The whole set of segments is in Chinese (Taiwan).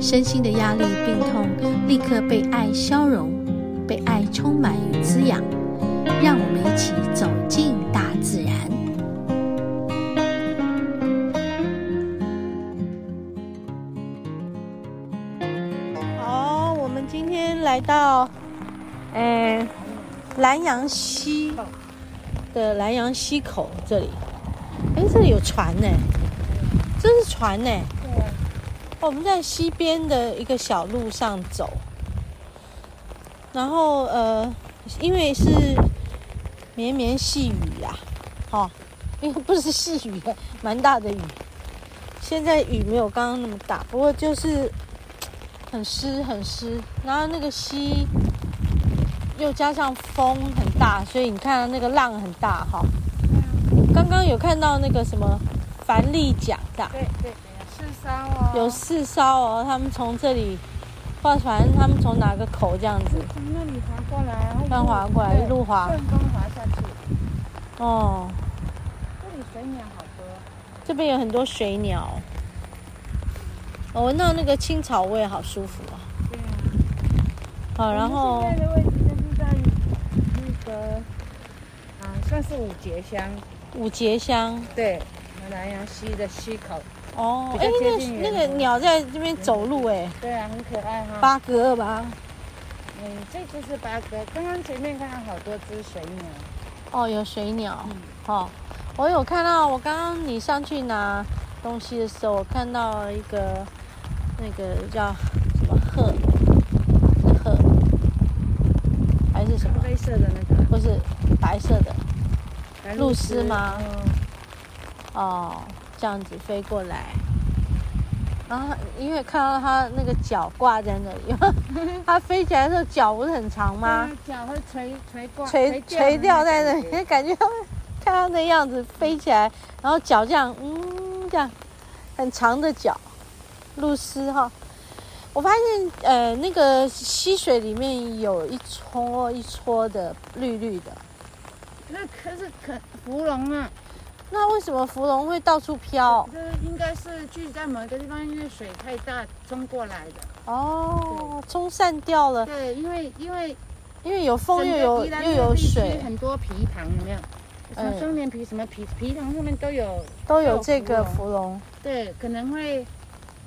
身心的壓力、病痛，立刻被愛消融，被愛充滿與滋養。讓我們一起走進大自然。好，我們今天來到，嗯，蘭陽溪的蘭陽溪口這裡。哎、欸，這裡有船呢、欸，這是船呢、欸。我們在溪邊的一個小路上走，然後呃，因為是綿綿細雨呀、啊，哈、哦，因為不是細雨，蠻大的雨。現在雨沒有剛剛那麼大，不過就是很濕很濕。然後那個溪又加上風很大，所以你看到那個浪很大，哈、哦。剛剛有看到那個什麼？帆立槳的，對對，等一下四艘哦，有四艘哦。他們從這裡划船，他們從哪個口這樣子？從、嗯、那裡划過來，順風划過來，一路滑，順風滑下去。哦，這裡水鳥好多，這邊有很多水鳥、哦。我、哦、聞到那個青草味，好舒服啊、哦。對啊。好、啊，然後現在的位置就是在那個啊，算是五結鄉，五結鄉，對。蘭陽溪的溪口哦，哎、欸，那那個鳥在這邊走路哎、欸、嗯，對啊，很可愛哈、哦，八哥吧？嗯，這就是八哥。剛剛前面看到好多隻水鳥，哦，有水鳥、嗯，哦。我有看到。我剛剛你上去拿東西的時候，我看到一個那個叫什麼鶴，鶴還是什麼？黑色的那個？不是白色的，鷺鷥嗎？哦哦，這樣子飛過來，然後因為看到它那個腳掛在那裡，它 飛起來的時候，腳不是很長嗎？腳、嗯、會垂垂掛垂垂吊在那裡，感覺， 感覺它會看到那樣子飛起來，嗯、然後腳這樣，嗯，這樣很長的腳，露絲哈。我發現呃，那個溪水裡面有一撮一撮的綠綠的，那可是可芙蓉啊。那為什麼芙蓉會到處飄？這應該是聚在某一個地方，因為水太大衝過來的。哦，衝散掉了。對，因為因為因為有風又有又有水，很多埤塘，有沒有？什麼冬眠皮，嗯？什麼皮埤塘，上面都有都有這個芙蓉。對，可能會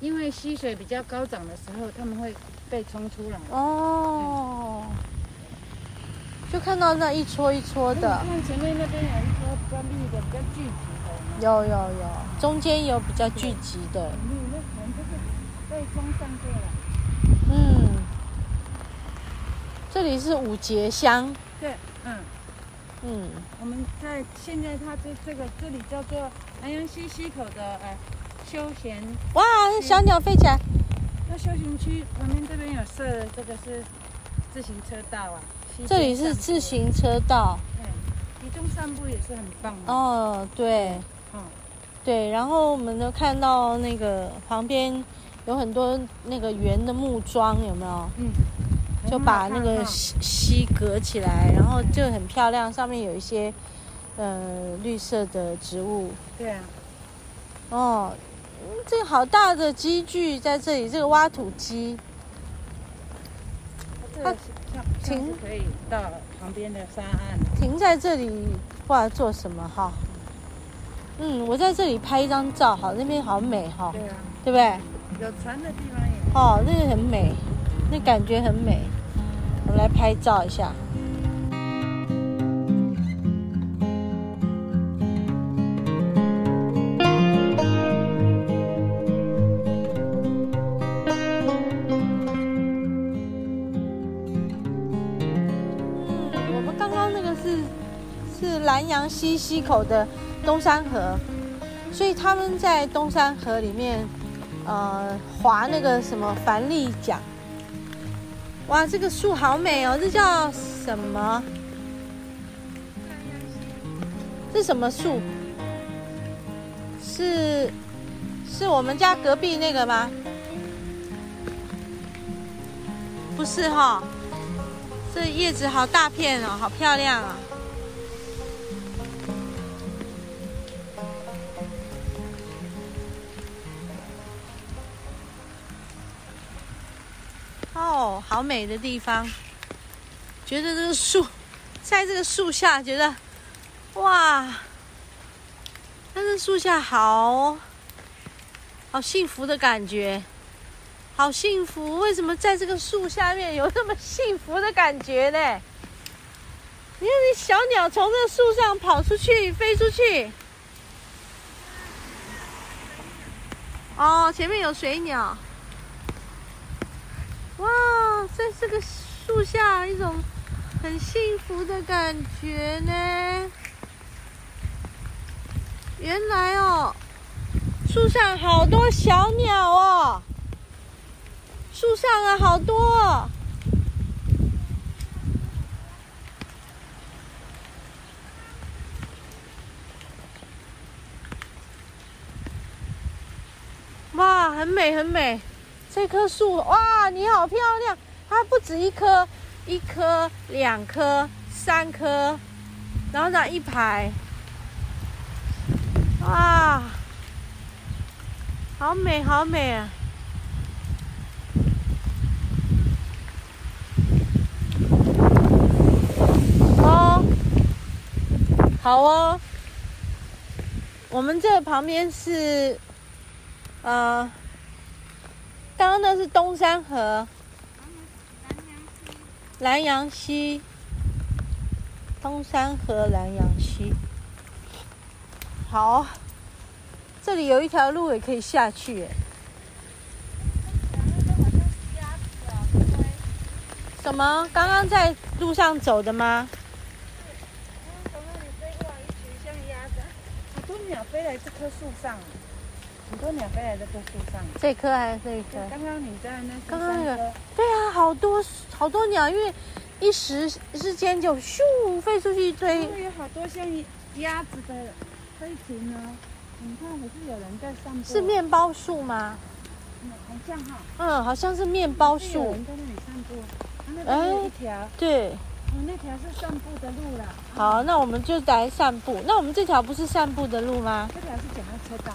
因為溪水比較高漲的時候，它們會被衝出來。哦。就看到那一撮一撮的。看前面那邊有一撮比較綠的，比較聚集的。有有有，中間有比較聚集的、嗯。可能就是被上嗯。這裡是五結鄉。對，嗯。嗯。我們在現在，它這這個這裡叫做蘭陽溪口的呃休閒。哇，小鳥飛起來！那休閒區旁邊這邊有設，這個是自行車道啊。這裡是自行車道，嗯，其中散步也是很棒的。哦，對，嗯，對，然後我們都看到那個旁邊有很多那個圓的木樁，有沒有？嗯，就把那個溪溪隔起來，然後就很漂亮，上面有一些呃綠色的植物。對啊。哦，這個好大的機具在這裡，這個挖土機。它。停可以到旁邊的沙岸，停在這裡，不知道做什麼哈、哦。嗯，我在這裡拍一張照，好，那邊好美哈、哦。對啊，對不對？有船的地方也。哦，那、這個很美，那感覺很美。嗯、我們來拍照一下。蘭陽溪口的冬山河，所以他們在冬山河裡面，呃，劃那個什麼帆立槳。哇，這個樹好美哦！這叫什麼？這什麼樹？是是我們家隔壁那個嗎？不是哈、哦，這葉子好大片哦，好漂亮啊、哦！哦、好美的地方，覺得這個樹，在這個樹下，覺得哇，那這樹下好好幸福的感覺，好幸福！為什麼在這個樹下面有這麼幸福的感覺呢？你看那小鳥從這個樹上跑出去，飛出去。哦，前面有水鳥。在，啊，這個樹下，一種很幸福的感覺呢。原來哦，樹上好多小鳥哦，樹上啊，好多。哇，很美，很美。這棵樹哇，你好漂亮！它不止一棵，一棵、兩棵、三棵，然後長一排，哇，好美，好美啊！哦，好哦，我們這旁邊是，呃。剛剛那是冬山河，蘭陽溪，蘭陽溪，冬山河，蘭陽溪，好，這裡有一條路也可以下去，欸。什麼？剛剛在路上走的嗎？剛剛你飛過來一群像鴨子，好多鳥飛來這棵樹上。很多鳥飛來這個樹上，這棵還是這棵？剛剛你在那上，剛剛那個，對啊，好多好多鳥，因為一時之間就咻飛出去一堆。因為有好多像鴨子的飛禽啊、哦！你看，不是有人在散步？是麵包樹嗎？好、嗯、像哈、哦。嗯，好像是麵包樹。嗯、有人在那裡散步，啊、那邊有一條，欸、對、哦。那條是散步的路了。好，那我們就來散步。那我們這條不是散步的路嗎？這條是腳踏車道。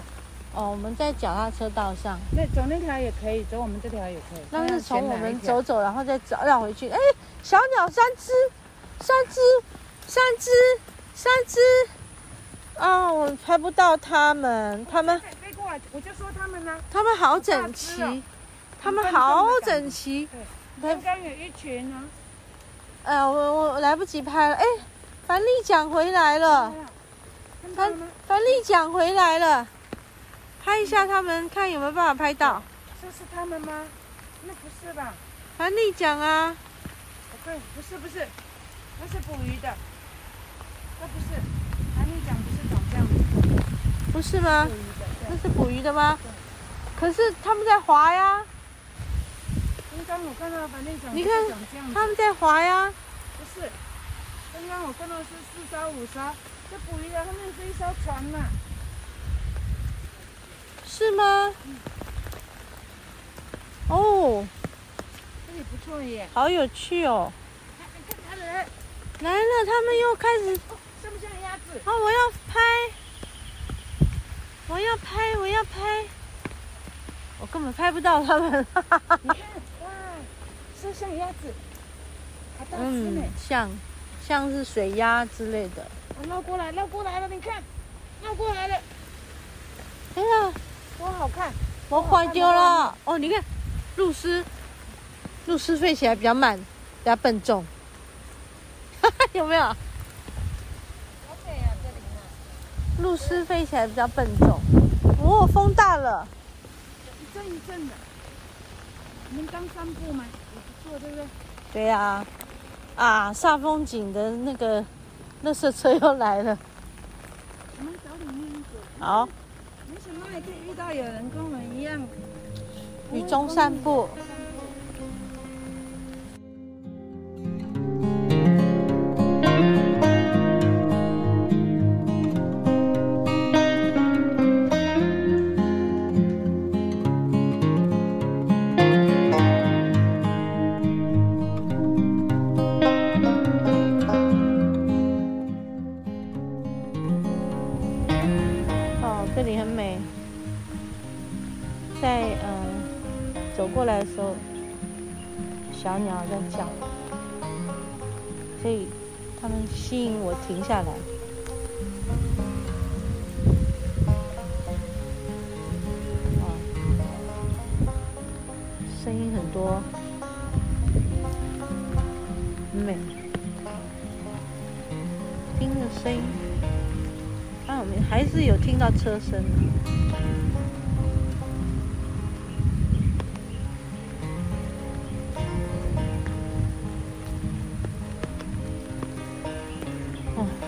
哦，我們在腳踏車道上。對，走那條也可以，走我們這條也可以。但是從我們走走，然後再繞繞回去。哎、欸，小鳥三隻，三隻，三隻，三隻。哦，拍不到它們，它們飛過來，我就說它們呢。它們好整齊，它們好整齊。剛剛有一群呢、啊。呃，我我來不及拍了。哎、欸，帆立槳回來了，帆帆立槳回來了。拍一下他們，看有沒有辦法拍到。嗯、這是他們嗎？那不是吧？立槳啊！不對、啊，不是不是，那是捕魚的，那不是立槳，不是長這樣子，啊，不，不是嗎是？那是捕魚的嗎？可是他們在划呀。剛剛我看到立槳，你看他們在划呀。不是，剛剛我看到是四艘五艘這捕魚的，後面是一艘船嘛。是嗎、嗯？哦，這裡不錯耶，好有趣哦！哎，看他們來了，他們又開始像、嗯哦、不像鴨子、哦？我要拍，我要拍，我要拍，我根本拍不到他們。 你看哇，像像鴨子，好、嗯？像，像是水鴨之類的。繞過來了，繞過來了，你看，繞過來了。哎呀！我、哦、好看，我壞掉了慢慢。哦，你看，鷺鷥，鷺鷥飛起來比較慢，比較笨重。 有沒有？okay，啊，鷺鷥飛起來比較笨重。哦，風大了，一陣一陣的。你們剛散步嗎？也不錯，對不對？對啊。啊，煞風景的那個，那垃圾車又來了。我們找裡面一組。好。沒想到還可以遇到有人跟我們一樣雨中散步。哦嗯走過來的時候，小鳥在叫，所以它們吸引我停下來。啊、啊、聲音很多，很美，聽著聲音，看、啊、我們還是有聽到車聲。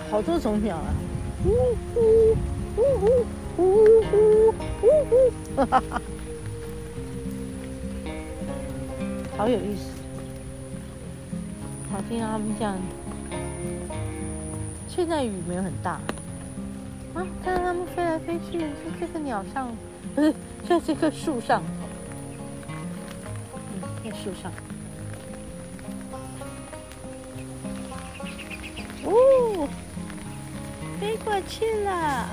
好多種鳥啊！哈哈哈！好有意思，好聽到他們這樣子。現在雨沒有很大啊，看到他們飛來飛去，在這個鳥上，不是，在這個樹上，在樹上。哦。飛過去了，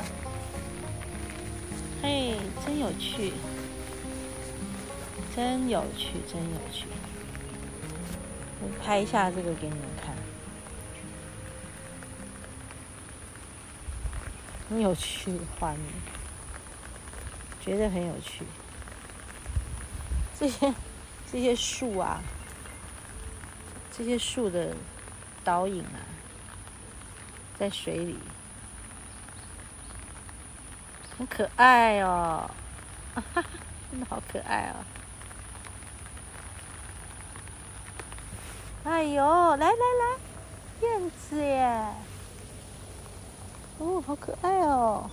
嘿，真有趣，真有趣，真有趣！我拍一下這個給你們看，很有趣的畫面，覺得很有趣。這些這些樹啊，這些樹的倒影啊，在水裡。很可愛哦、喔，真的好可愛哦、喔！哎呦，來來來，燕子耶！哦，好可愛哦、喔！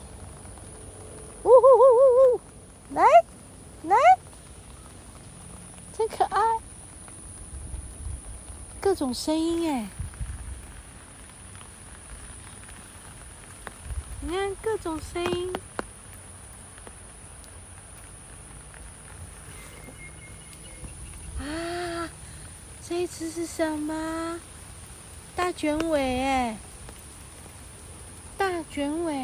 嗚嗚嗚嗚嗚，來來，真可愛，各種聲音耶！你看各種聲音。這是什麼？大卷尾哎、欸！大卷尾！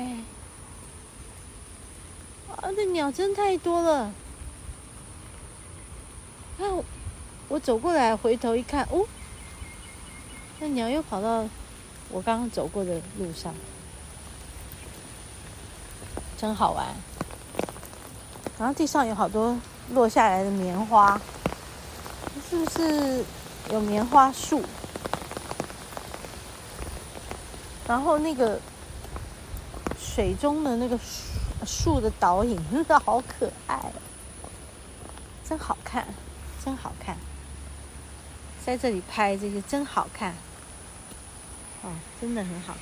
啊，那鳥真太多了。看我，我走過來，回頭一看，哦，那鳥又跑到我剛剛走過的路上，真好玩。然後地上有好多落下來的棉花，是不是？有棉花樹，然後那個水中的那個樹的倒影，真的好可愛，真好看，真好看，在這裡拍這些真好看，哦，真的很好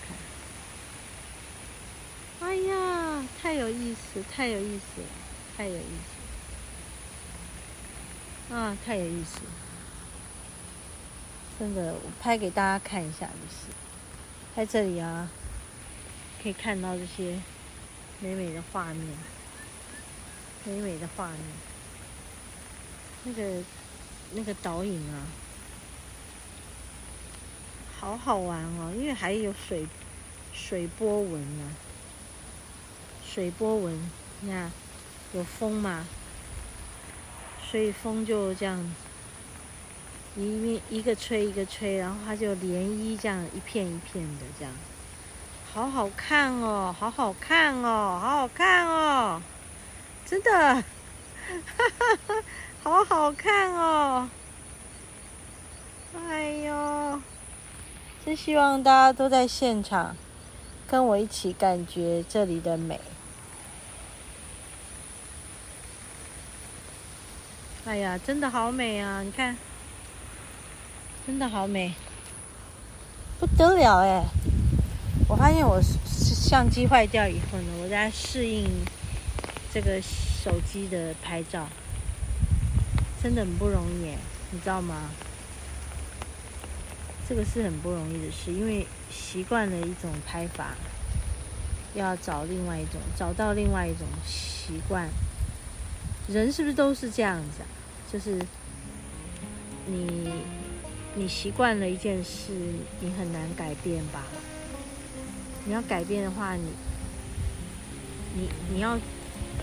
看，哎呀！太有意思，太有意思了，太有意思，啊，太有意思。真的，我拍給大家看一下，就是拍這裡啊，可以看到這些美美的畫面，美美的畫面，那個那個倒影啊，好好玩哦，因為還有水水波紋啊，水波紋，你看有風嘛，所以風就這樣。一面一個吹一個吹，然後它就漣漪這樣一片一片的這樣，好好看哦，好好看哦，好好看哦，真的，哈哈哈，好好看哦，哎呦，真希望大家都在現場，跟我一起感覺這裡的美。哎呀，真的好美啊，你看。真的好美，不得了！哎、欸，我發現我相機壞掉以後呢，我在適應這個手機的拍照，真的很不容易，欸，你知道嗎？這個是很不容易的事，因為習慣了一種拍法，要找另外一種，找到另外一種習慣。人是不是都是這樣子啊？就是你。你習慣了一件事，你很難改變吧？你要改變的話，你你你要，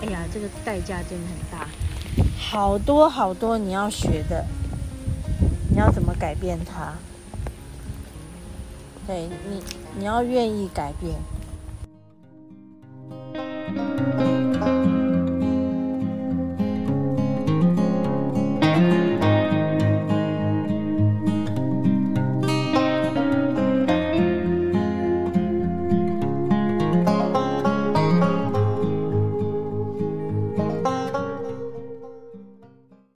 哎呀，這個代價真的很大，好多好多你要學的，你要怎麼改變它？對，你你要願意改變。